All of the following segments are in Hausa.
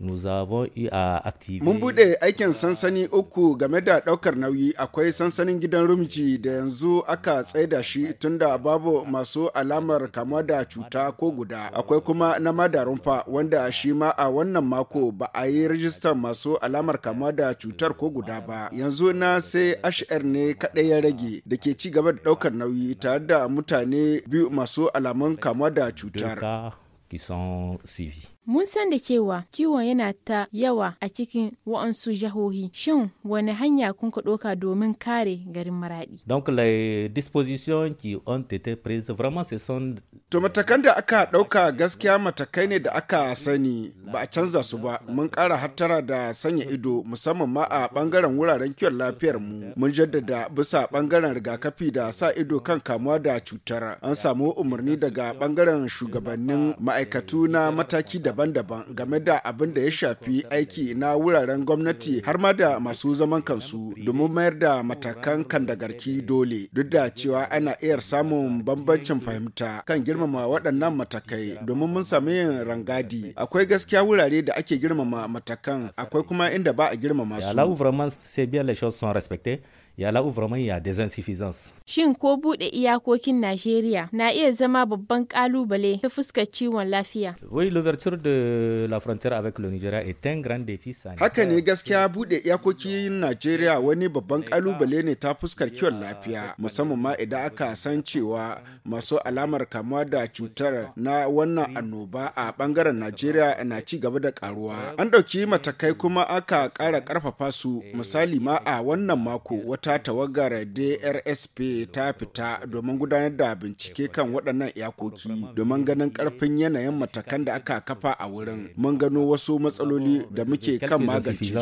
Nous avons eu à Mun buɗe aikin sansani uku game da ɗaukar nauyi akwai sansanin gidan rumji da yanzu aka tsaida shi tunda babu masu alamar kama da cuta ko guda. Akwai kuma na madarumfa wanda shi ma a wannan mako ba a yi rijistar masu alamar kama da cutar ko guda ba. Yanzu na sai HR ne kaɗai ya rage da ke ci gaba da ɗaukar nauyi tare da mutane biyu masu alamun kama da cutar. qui sont suivis. Mun san da kiwon yana ta yawa a cikin wa'ansu jahohi. Shin wani hanya kun ka ɗauka domin kare garin maradi Donc les dispositions qui ont été prises, vraiment ce sont To matakan da aka ɗauka gaskiya matakai ne da aka sani ba a canza su ba mun ƙara hattara da sanya ido musamman ma a ɓangaren wuraren kiwon lafiyar mu mun jaddada bisa ɓangaren rigakafi da sa ido kan kamuwa da cutar an samu umarni daga ɓangaren shugabannin ma'aikatu na mataki daban-daban game da abin da ya shafi aiki na wuraren gwamnati har ma da masu zaman kansu domin mayar da matakan kan kandagarki dole duk da cewa ana iya samun bambancin fahimta kan girma girmama waɗannan matakai domin mun sami yin rangadi. Akwai gaskiya wurare da ake girmama matakan akwai kuma inda ba a girmama su. ya la'u ya des insuffisances. Shin ko buɗe iyakokin Najeriya na iya zama babban kalubale ta fuskar ciwon lafiya? Oui, l'ouverture de la frontière avec le Nigeria est un grand défi sanitaire. Haka ne gaskiya bude iyakokin Najeriya wani babban kalubale ne ta fuskar kiwon lafiya musamman ma idan aka san cewa masu alamar kamuwa da cutar na wannan annoba a bangaren Najeriya na ci gaba da karuwa. An ɗauki matakai kuma aka kara karfafa su misali ma a wannan mako wata ta tawagar DRSP ta fita domin gudanar da bincike kan waɗannan iyakoki domin ganin ƙarfin yanayin matakan da aka kafa a wurin. Mun gano wasu matsaloli da muke kan magance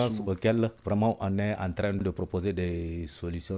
su.